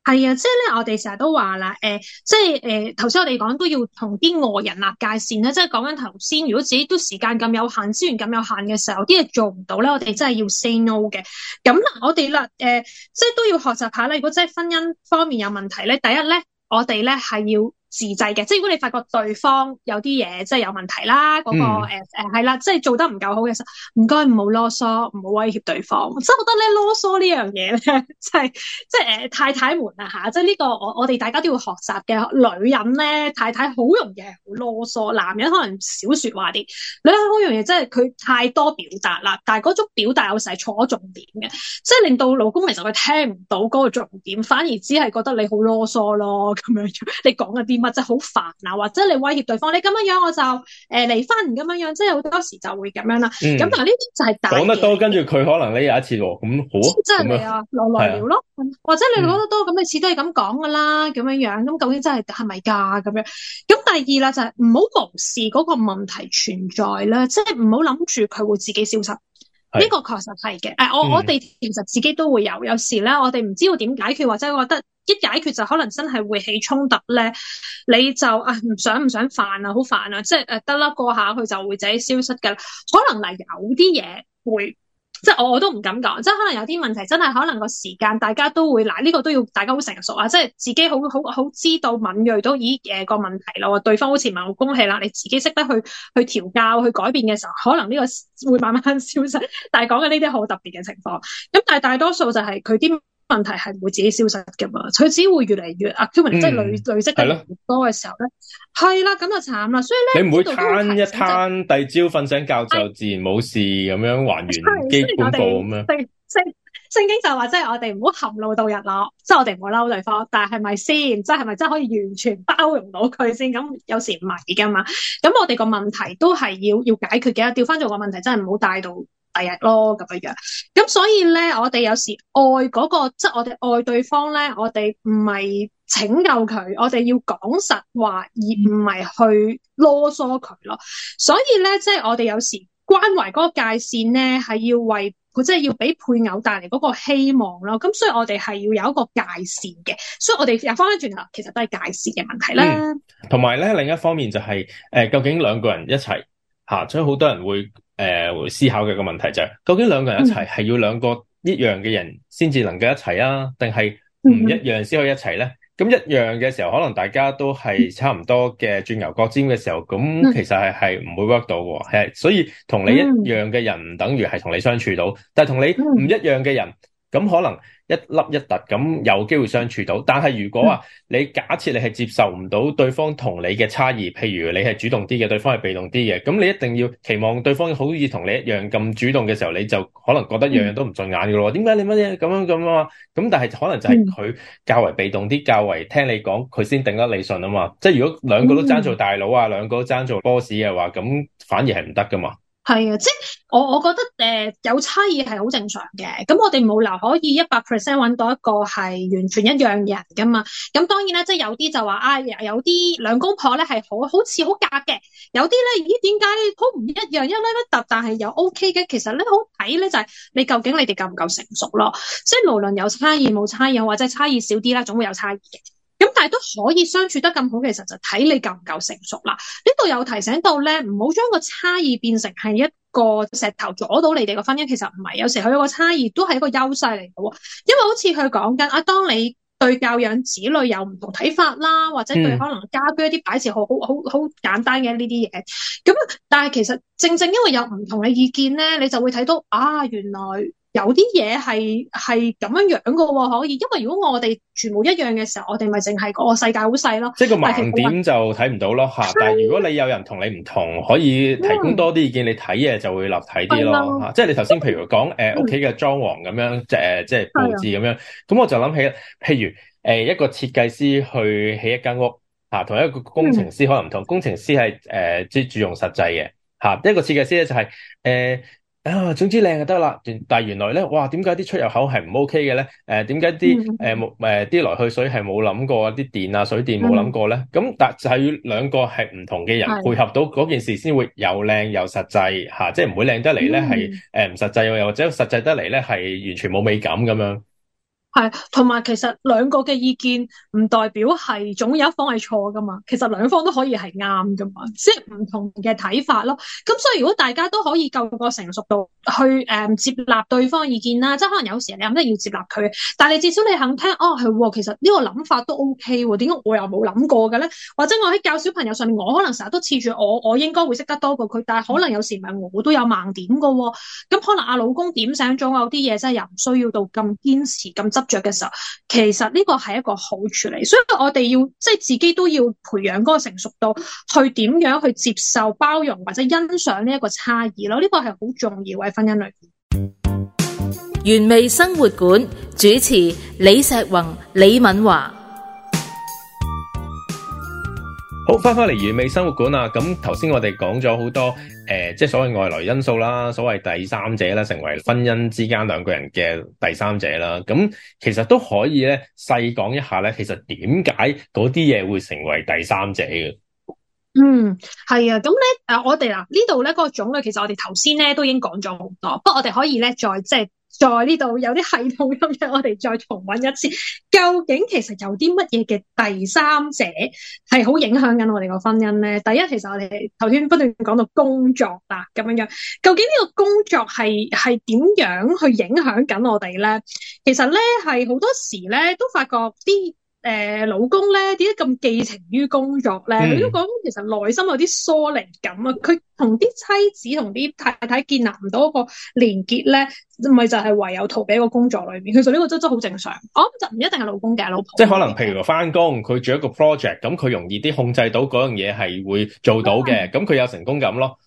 係啊，即係咧，我哋成日都話啦，誒，即係誒，頭先我哋講都要同啲外人立界線咧，即係講緊頭先，如果自己都時間咁有限，資源咁有限嘅時候，啲嘢做唔到咧，我哋真係要 say no 嘅。咁啦，我哋啦，誒，即係都要學習下啦。如果真係婚姻方面有問題咧，第一咧，我哋咧係要。自制嘅，即係如果你發覺對方有啲嘢，即係有問題啦，嗰、那個誒誒係啦，即係做得唔夠好嘅時候，唔該唔好囉嗦，唔好威脅對方。真係我覺得咧，囉嗦呢樣嘢咧，即係即係誒太太們啊吓，即係呢個我我哋大家都要學習嘅。女人咧，太太好容易係好囉嗦，男人可能少說話啲。女人好容易即係佢太多表達啦，但係嗰種表達有時係錯重點嘅，即係令到老公其實佢聽唔到嗰個重點，反而只係覺得你好囉嗦咯，咁樣你講緊啲乜？就好煩啊，或者你威脅對方，你咁樣樣我就誒離婚咁樣樣，即係好多時就會咁樣啦。咁但係、嗯，呢啲就係講得多，跟住佢可能呢有一次喎，咁、嗯、好即係你啊，落嚟了咯。啊、或者你講得多咁、嗯、你事都係咁講噶啦，咁樣樣咁究竟真係係咪噶咁樣？咁第二啦就係唔好無視嗰個問題存在啦，即係唔好諗住佢會自己消失。呢個確實係嘅，誒、哎，我我哋其實自己都會有，有時咧，我哋唔知要點解決，或者覺得一解決就可能真係會起衝突咧，你就啊唔、哎、想唔想煩啊，好煩啊，即係誒得啦過下佢就會自己消失㗎啦。可能係有啲嘢會。即係我我都唔敢講，即係可能有啲問題真係可能個時間大家都會嗱，呢個都要大家好成熟啊，即係自己好好好知道敏銳到咦誒個問題咯，對方好似唔係好恭喜啦，你自己識得去去調教去改變嘅時候，可能呢個會慢慢消失。但係講緊呢啲好特別嘅情況，咁但係大多數就係佢啲。問題係唔會自己消失噶嘛，佢只會越嚟越啊 h u m a 即係累累積得多嘅時候咧，係啦的，咁就慘啦。所以咧，你唔會攤一攤，實第二朝瞓醒覺就自然冇事咁樣還原基本步咁樣。聖聖經就話即係我哋唔好含怒到日落，即係我哋唔好嬲對方，但係係咪先？即係係咪真係可以完全包容到佢先？咁有時唔係噶嘛。咁我哋個問題都係要要，要解決嘅，調翻做個問題真係唔好帶到。第日咯，咁樣樣，咁所以咧，我哋有時愛嗰個，即係我哋愛對方咧，我哋唔係拯救佢，我哋要講實話，而唔係去囉嗦佢咯。所以咧，即係我哋有時關懷嗰個界線咧，係要為，即係要俾配偶帶嚟嗰個希望咯。咁所以，我哋係要有一個界線嘅。所以我哋又翻翻轉頭，其實都係界線嘅問題啦。同埋咧，另一方面就係、是、誒、呃，究竟兩個人一齊吓、啊，所以好多人會。誒、呃，思考嘅個問題就係、是，究竟兩個人一齊係、嗯、要兩個一樣嘅人先至能夠一齊啊？定係唔一樣先可以一齊呢？咁、嗯、一樣嘅時候，可能大家都係差唔多嘅，鑽牛角尖嘅時候，咁其實係係唔會 work 到嘅。係所以，同你一樣嘅人，唔等於係同你相處到，但係同你唔一樣嘅人。嗯嗯咁可能一凹一凸咁有機會相處到，但係如果話、啊、你假設你係接受唔到對方同你嘅差異，譬如你係主動啲嘅，對方係被動啲嘅，咁你一定要期望對方好似同你一樣咁主動嘅時候，你就可能覺得樣樣都唔順眼嘅咯。點解、嗯、你乜嘢咁樣咁啊？咁但係可能就係佢較為被動啲，較為聽你講，佢先頂得你順啊嘛。即係如果兩個都爭做大佬啊，兩、嗯、個都爭做 boss 嘅話，咁反而係唔得噶嘛。係啊，即係我我覺得誒、呃、有差異係好正常嘅，咁我哋冇留可以一百 percent 揾到一個係完全一樣嘅人噶嘛，咁當然啦，即係有啲就話啊，有啲兩公婆咧係好好似好夾嘅，有啲咧咦，點解好唔一樣，一歪一突，但係又 OK 嘅，其實咧好睇咧就係、是、你究竟你哋夠唔夠成熟咯，即係無論有差異冇差異，或者差異少啲啦，總會有差異嘅。咁但係都可以相處得咁好，其實就睇你夠唔夠成熟啦。呢度又提醒到咧，唔好將個差異變成係一個石頭阻到你哋個婚姻。其實唔係，有時佢有個差異都係一個優勢嚟嘅。因為好似佢講緊啊，當你對教養子女有唔同睇法啦，或者對可能家居一啲擺設好好好好簡單嘅呢啲嘢，咁但係其實正正因為有唔同嘅意見咧，你就會睇到啊，原來。有啲嘢係係咁樣樣噶、哦，可以，因為如果我哋全部一樣嘅時候，我哋咪淨係個世界好細咯。即係個盲點就睇唔到咯，吓！ 但係如果你有人同你唔同，可以提供多啲意見，你睇嘢就會立體啲咯。吓！即係你頭先譬如講誒屋企嘅裝潢咁樣，即係即係布置咁樣。咁我就諗起，譬如誒、呃、一個設計師去起一間屋吓，同、啊、一個工程師可能唔同，嗯、工程師係誒即係注重實際嘅吓，一個設計師咧就係、是、誒。呃呃啊，總之靚就得啦，但係原來咧，哇，點解啲出入口係唔 OK 嘅咧？誒，點解啲誒冇誒啲來去水係冇諗過，啲電啊，水電冇諗過咧？咁但係要兩個係唔同嘅人配合到嗰件事，先會又靚又實際嚇、啊，即係唔會靚得嚟咧，係誒唔實際又、嗯、或者實際得嚟咧，係完全冇美感咁樣。係，同埋其實兩個嘅意見唔代表係總有一方係錯噶嘛，其實兩方都可以係啱噶嘛，即係唔同嘅睇法咯。咁所以如果大家都可以夠個成熟度去誒、嗯、接納對方意見啦，即係可能有時你肯定要接納佢，但係至少你肯聽，哦係，其實呢個諗法都 OK，點、啊、解我又冇諗過嘅咧？或者我喺教小朋友上面，我可能成日都恃住我，我應該會識得多過佢，但係可能有時唔係我都有盲點噶、啊，咁可能阿老公點醒咗我有啲嘢，真係又唔需要到咁堅持咁。執着嘅時候，其實呢個係一個好處理，所以我哋要即係自己都要培養嗰個成熟度，去點樣去接受、包容或者欣賞呢一個差異咯。呢個係好重要喺婚姻裏邊。原味生活館主持李碩宏、李敏華。好翻翻嚟完美生活館啊！咁頭先我哋講咗好多誒、呃，即係所謂外來因素啦，所謂第三者啦，成為婚姻之間兩個人嘅第三者啦。咁其實都可以咧細講一下咧，其實點解嗰啲嘢會成為第三者嘅？嗯，係啊，咁咧誒，我哋啦呢度咧個種類，其實我哋頭先咧都已經講咗好多，不過我哋可以咧再即係再呢度有啲系統咁樣，我哋再重溫一次，究竟其實有啲乜嘢嘅第三者係好影響緊我哋個婚姻咧？第一，其實我哋頭先不斷講到工作啦，咁樣樣究竟呢個工作係係點樣去影響緊我哋咧？其實咧係好多時咧都發覺啲。誒、呃、老公咧點解咁寄情於工作咧？佢、嗯、都講其實內心有啲疏離感啊，佢同啲妻子同啲太太建立唔到一個連結咧，咪就係、是、唯有逃避喺個工作裏面。其實呢個都都好正常。我諗就唔一定係老公嘅老婆。即係可能譬如話翻工，佢做一個 project，咁佢容易啲控制到嗰樣嘢，係會做到嘅。咁佢、嗯、有成功感咯。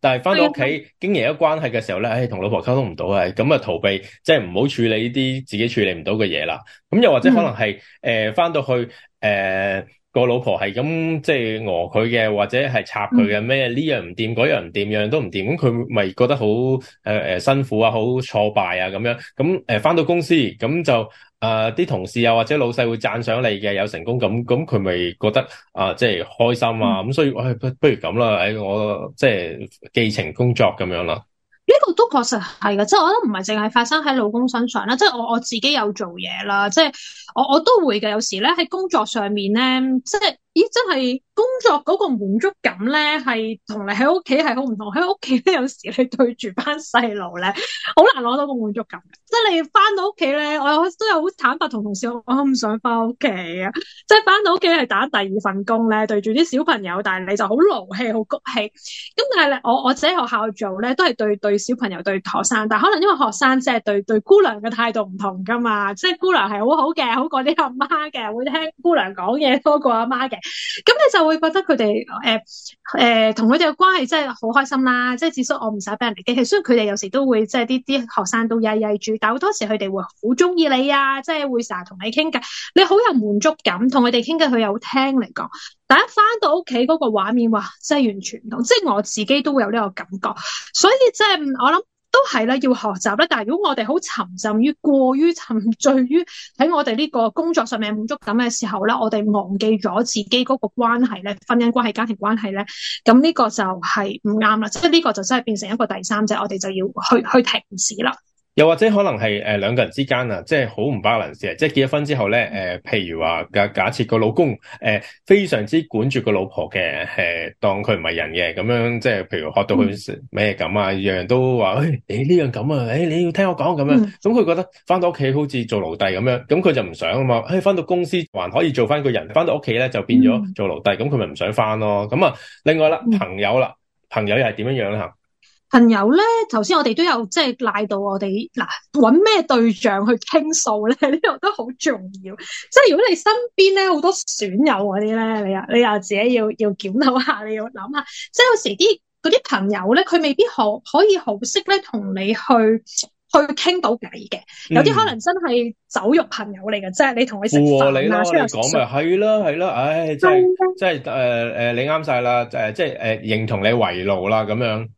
但係翻到屋企 經營一關係嘅時候咧，唉、哎，同老婆溝通唔到啊，咁、哎、啊，逃避，即係唔好處理呢啲自己處理唔到嘅嘢啦。咁又或者可能係誒翻到去誒。呃個老婆係咁即係訛佢嘅，或者係插佢嘅咩？呢樣唔掂，嗰樣唔掂，樣樣都唔掂。咁佢咪覺得好誒誒辛苦啊，好挫敗啊咁樣。咁誒返到公司，咁就誒啲、呃、同事又、啊、或者老細會讚賞你嘅有成功感。咁咁佢咪覺得啊，即、呃、係開心啊。咁所以，哎，不如咁啦，哎，我即係寄情工作咁樣啦。呢個都確實係嘅，即係我覺得唔係淨係發生喺老公身上啦，即係我我自己有做嘢啦，即係我我都會嘅，有時咧喺工作上面咧，即係。咦，真係工作嗰個滿足感咧，係同你喺屋企係好唔同。喺屋企咧，有時你對住班細路咧，好難攞到個滿足感。即係你翻到屋企咧，我都有好坦白同同事，我好唔想翻屋企啊！即係翻到屋企係打第二份工咧，對住啲小朋友，但係你就好勞氣，好谷氣。咁但係咧，我我自己學校做咧，都係對對小朋友、對學生，但係可能因為學生即係對對姑娘嘅態度唔同噶嘛，即係姑娘係好好嘅，好過啲阿媽嘅，會聽姑娘講嘢多過阿媽嘅。咁你就會覺得佢哋誒誒同佢哋嘅關係真係好開心啦，即係至少我唔使俾人哋激氣，雖然佢哋有時都會即係啲啲學生都曳曳住，但係好多時佢哋會好中意你啊，即係會成日同你傾偈，你好有滿足感，同佢哋傾偈佢又好聽嚟講，但一翻到屋企嗰個畫面哇，真係完全唔同，即係我自己都會有呢個感覺，所以即係我諗。都係啦，要學習咧。但係如果我哋好沉浸於過於沉醉於喺我哋呢個工作上面嘅滿足感嘅時候咧，我哋忘記咗自己嗰個關係咧，婚姻關係、家庭關係咧，咁呢個就係唔啱啦。即係呢個就真係變成一個第三者，我哋就要去去停止啦。又或者可能係誒、呃、兩個人之間啊，即係好唔 balance 啊。即係結咗婚之後咧，誒、呃，譬如話假假設個老公誒、呃、非常之管住個老婆嘅，誒當佢唔係人嘅，咁樣即係譬如學到佢咩咁啊，嗯都哎哎、樣樣都話誒呢樣咁啊，誒、哎、你要聽我講咁樣，咁佢覺得翻到屋企好似做奴隸咁樣，咁佢就唔想啊嘛，誒、哎、翻到公司還可以做翻個人，翻到屋企咧就變咗做奴隸，咁佢咪唔想翻咯，咁啊，另外啦朋友啦，朋友，朋友又係點樣樣行？朋友咧，頭先我哋都有即係賴到我哋嗱，揾咩對象去傾訴咧？呢個都好重要。即係如果你身邊咧好多損友嗰啲咧，你又你又自己要要檢討下，你要諗下。即係有時啲啲朋友咧，佢未必好可，可以好識咧同你去去傾到偈嘅。有啲可能真係酒肉朋友嚟嘅，即係你同佢食飯啊，出去食，講咪係啦，係啦，唉，真係真係誒誒，你啱晒啦，誒即係誒認同你為奴啦，咁樣。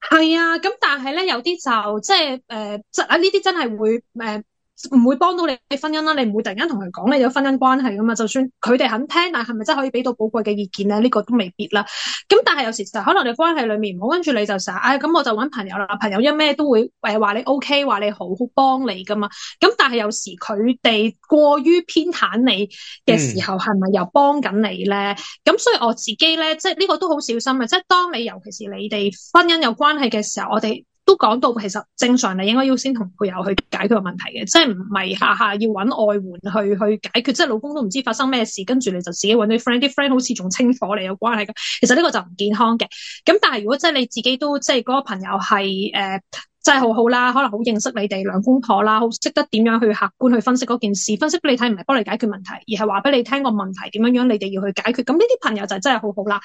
係啊，咁但係咧，有啲就即係誒，即係啊，呢啲真係會誒。呃唔會幫到你嘅婚姻啦，你唔會突然間同佢講你有婚姻關係噶嘛，就算佢哋肯聽，但係咪真係可以俾到寶貴嘅意見咧？呢、這個都未必啦。咁但係有時就可能你關係裏面唔好，跟住你就成日，唉、哎。咁我就搵朋友啦，朋友因咩都會誒話、呃、你 O K，話你好好幫你噶嘛。咁但係有時佢哋過於偏袒你嘅時候，係咪、嗯、又幫緊你咧？咁所以我自己咧，即係呢個都好小心啊！即係當你尤其是你哋婚姻有關係嘅時候，我哋。都講到，其實正常你應該要先同配偶去解決個問題嘅，即係唔係下下要揾外援去去解決，即係老公都唔知發生咩事，跟住你就自己揾啲 friend，啲 friend 好似仲清火你有關係嘅。其實呢個就唔健康嘅。咁但係如果即係你自己都即係嗰個朋友係誒。呃真係好好啦，可能好認識你哋兩公婆啦，好識得點樣去客觀去分析嗰件事，分析俾你睇，唔係幫你解決問題，而係話俾你聽個問題點樣樣，你哋要去解決。咁呢啲朋友就真係好好啦。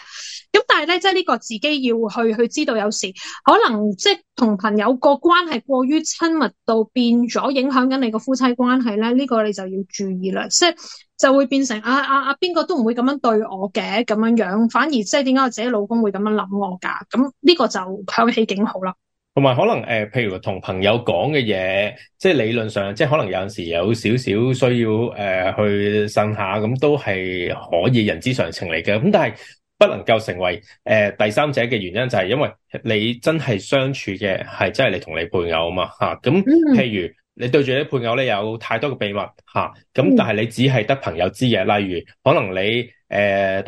咁但係咧，即係呢個自己要去去知道，有時可能即係同朋友個關係過於親密到變咗影響緊你個夫妻關係咧，呢、這個你就要注意啦。即、就、係、是、就會變成啊啊啊，邊、啊、個、啊、都唔會咁樣對我嘅咁樣樣，反而即係點解我自己老公會咁樣諗我噶？咁呢個就響起警號啦。同埋可能誒、呃，譬如同朋友講嘅嘢，即係理論上，即係可能有陣時有少少需要誒、呃、去呻下，咁都係可以人之常情嚟嘅。咁但係不能夠成為誒、呃、第三者嘅原因，就係因為你真係相處嘅係真係你同你配偶嘛啊嘛吓。咁譬如你對住你配偶咧有太多嘅秘密吓，咁、啊、但係你只係得朋友知嘅。例如可能你誒賭、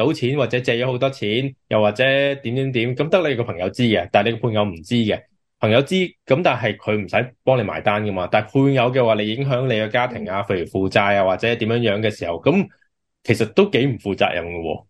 呃、錢或者借咗好多錢，又或者點點點，咁得你個朋友知嘅，但係你個配偶唔知嘅。朋友知咁，但係佢唔使幫你埋單噶嘛。但配偶嘅話，你影響你嘅家庭啊，譬如負債啊，或者點樣樣嘅時候，咁、嗯、其實都幾唔負責任噶、哦。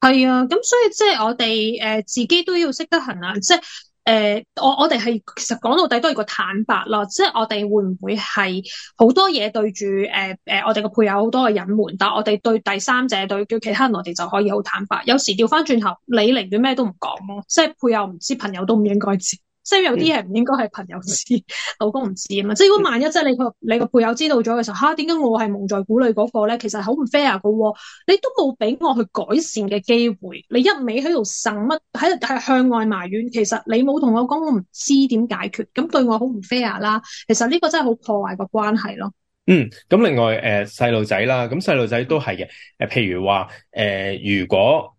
係啊，咁所以即係我哋誒、呃、自己都要識得行啊。即係誒、呃，我我哋係其實講到底都係個坦白咯。即係我哋會唔會係好多嘢對住誒誒我哋個配偶好多嘅隱瞞，但係我哋對第三者對叫其他人，我哋就可以好坦白。有時調翻轉頭，你寧願咩都唔講咯，即係配偶唔知，朋友都唔應該知。即係、嗯、有啲嘢唔應該係朋友知，嗯、老公唔知啊嘛。即係、嗯、如果萬一即係你個你個配偶知道咗嘅時候，吓點解我係蒙在鼓裏嗰個咧？其實好唔 fair 㗎喎、啊，你都冇俾我去改善嘅機會，你一味喺度省乜，喺度向外埋怨。其實你冇同我講，我唔知點解決，咁對我好唔 fair 啦。其實呢個真係好破壞個關係咯。嗯，咁另外誒細路仔啦，咁細路仔都係嘅。誒，譬如話誒、呃、如果。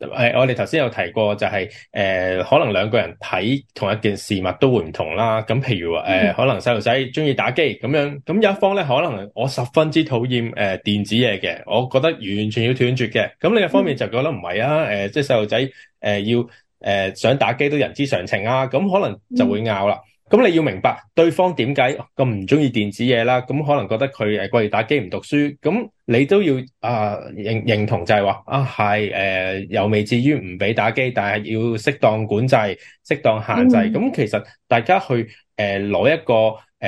誒、哎，我哋頭先有提過，就是，就係誒，可能兩個人睇同一件事物都會唔同啦。咁譬如話，誒、呃，可能細路仔中意打機咁樣，咁有一方咧，可能我十分之討厭誒電子嘢嘅，我覺得完全要斷絕嘅。咁另一方面就覺得唔係啊，誒、嗯呃，即係細路仔誒要誒、呃、想打機都人之常情啊。咁可能就會拗啦。嗯咁你要明白對方點解咁唔中意電子嘢啦。咁可能覺得佢誒過嚟打機唔讀書，咁你都要啊認認同就係話啊係誒，又未至於唔俾打機，但係要適當管制、適當限制。咁其實大家去誒攞一個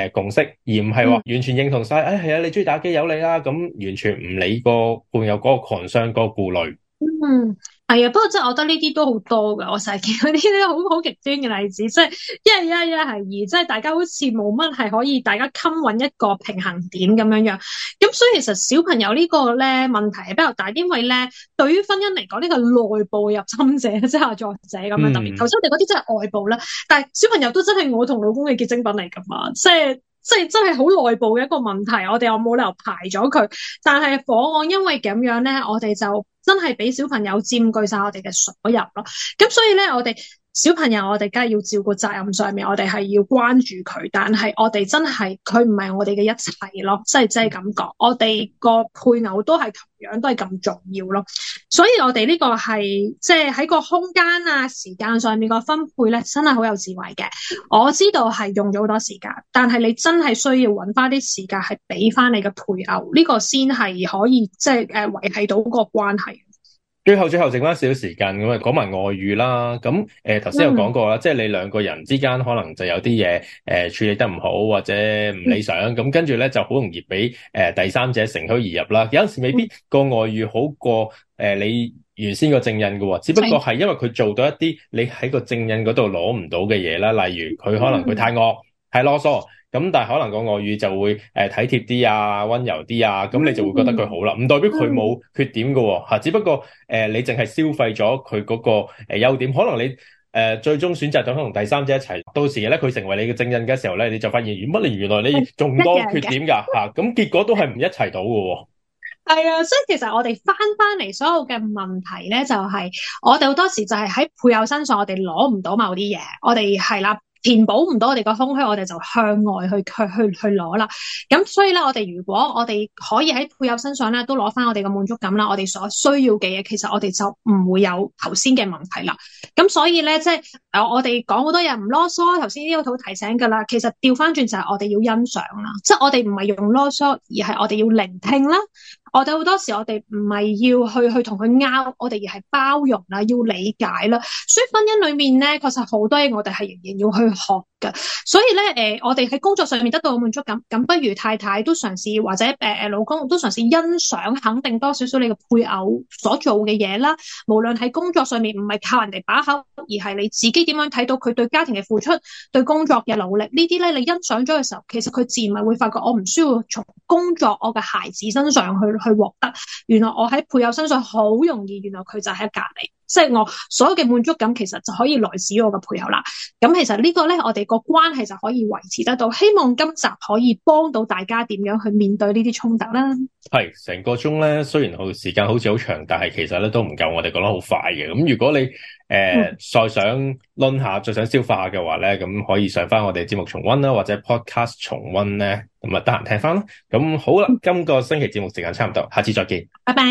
誒共識，而唔係話完全認同曬。誒係啊，你中意打機有你啦，咁完全唔理個伴有嗰個 concern 嗰個顧慮。嗯。係啊，不過真係我覺得呢啲都好多噶我成日見到呢啲好好極端嘅例子，即係一係一係係二，即係大家好似冇乜係可以大家襟穩一個平衡點咁樣樣，咁所以其實小朋友個呢個咧問題係比較大，因為咧對於婚姻嚟講呢個內部入侵者之下在者咁樣，嗯、特別，頭先我哋嗰啲真係外部啦，但係小朋友都真係我同老公嘅結晶品嚟噶嘛，即係。即係真係好內部嘅一個問題，我哋又冇理由排咗佢，但係火案因為咁樣咧，我哋就真係俾小朋友佔據晒我哋嘅所有咯，咁所以咧我哋。小朋友，我哋梗係要照顧責任上面，我哋係要關注佢。但係我哋真係佢唔係我哋嘅一切咯，即係即係咁講。我哋個配偶都係同樣都係咁重要咯。所以我哋呢個係即係喺個空間啊、時間上面個分配咧，真係好有智慧嘅。我知道係用咗好多時間，但係你真係需要揾翻啲時間係俾翻你嘅配偶，呢個先係可以即係誒維繫到個關係。最後最後剩翻少少時間，咁啊講埋外遇啦。咁誒，頭先有講過啦，嗯、即係你兩個人之間可能就有啲嘢誒處理得唔好或者唔理想，咁、嗯、跟住咧就好容易俾誒、呃、第三者乘虛而入啦。有陣時未必個外遇好過誒、呃、你原先個正印噶，只不過係因為佢做到一啲你喺個正印嗰度攞唔到嘅嘢啦，例如佢可能佢太惡。係囉嗦咁，但係可能個外語就會誒、呃、體貼啲啊，溫柔啲啊，咁你就會覺得佢好啦。唔、嗯、代表佢冇缺點噶吓，嗯、只不過誒、呃、你淨係消費咗佢嗰個誒優點，可能你誒、呃、最終選擇咗同第三者一齊，到時咧佢成為你嘅正印嘅時候咧，你就發現，原本你原來你仲多缺點噶吓，咁、啊、結果都係唔一齊到噶。係啊，所以其實我哋翻翻嚟所有嘅問題咧，就係、是、我哋好多時就係喺配偶身上我，我哋攞唔到某啲嘢，我哋係啦。填補唔到我哋個空虛，我哋就向外去去去攞啦。咁所以咧，我哋如果我哋可以喺配偶身上咧，都攞返我哋嘅滿足感啦，我哋所需要嘅嘢，其實我哋就唔會有頭先嘅問題啦。咁所以咧，即係我我哋講好多嘢唔囉嗦，頭先呢個套提醒噶啦。其實調翻轉就係我哋要欣賞啦，即係我哋唔係用囉嗦，而係我哋要聆聽啦。我哋好多時，我哋唔係要去去同佢拗，我哋而係包容啦，要理解啦。所以婚姻裏面咧，確實好多嘢我哋係仍然要去學噶。所以咧，誒、呃，我哋喺工作上面得到滿足感，咁不如太太都嘗試，或者誒誒、呃，老公都嘗試欣賞、肯定多，多少少你嘅配偶所做嘅嘢啦。無論喺工作上面唔係靠人哋把口，而係你自己點樣睇到佢對家庭嘅付出、對工作嘅努力呢啲咧，你欣賞咗嘅時候，其實佢自然係會發覺，我唔需要從工作、我嘅孩子身上去。去獲得，原來我喺配偶身上好容易，原來佢就喺隔離，即係我所有嘅滿足感其實就可以來自於我嘅配偶啦。咁其實個呢個咧，我哋個關係就可以維持得到。希望今集可以幫到大家點樣去面對衝呢啲衝突啦。係成個鐘咧，雖然時間好時間好似好長，但係其實咧都唔夠，我哋講得好快嘅。咁如果你誒、呃，再想攣下，再想消化嘅話咧，咁可以上翻我哋節目重温啦，或者 podcast 重温咧，咁啊得閒聽翻咯。咁好啦，今個星期節目時間差唔多，下次再見，拜拜。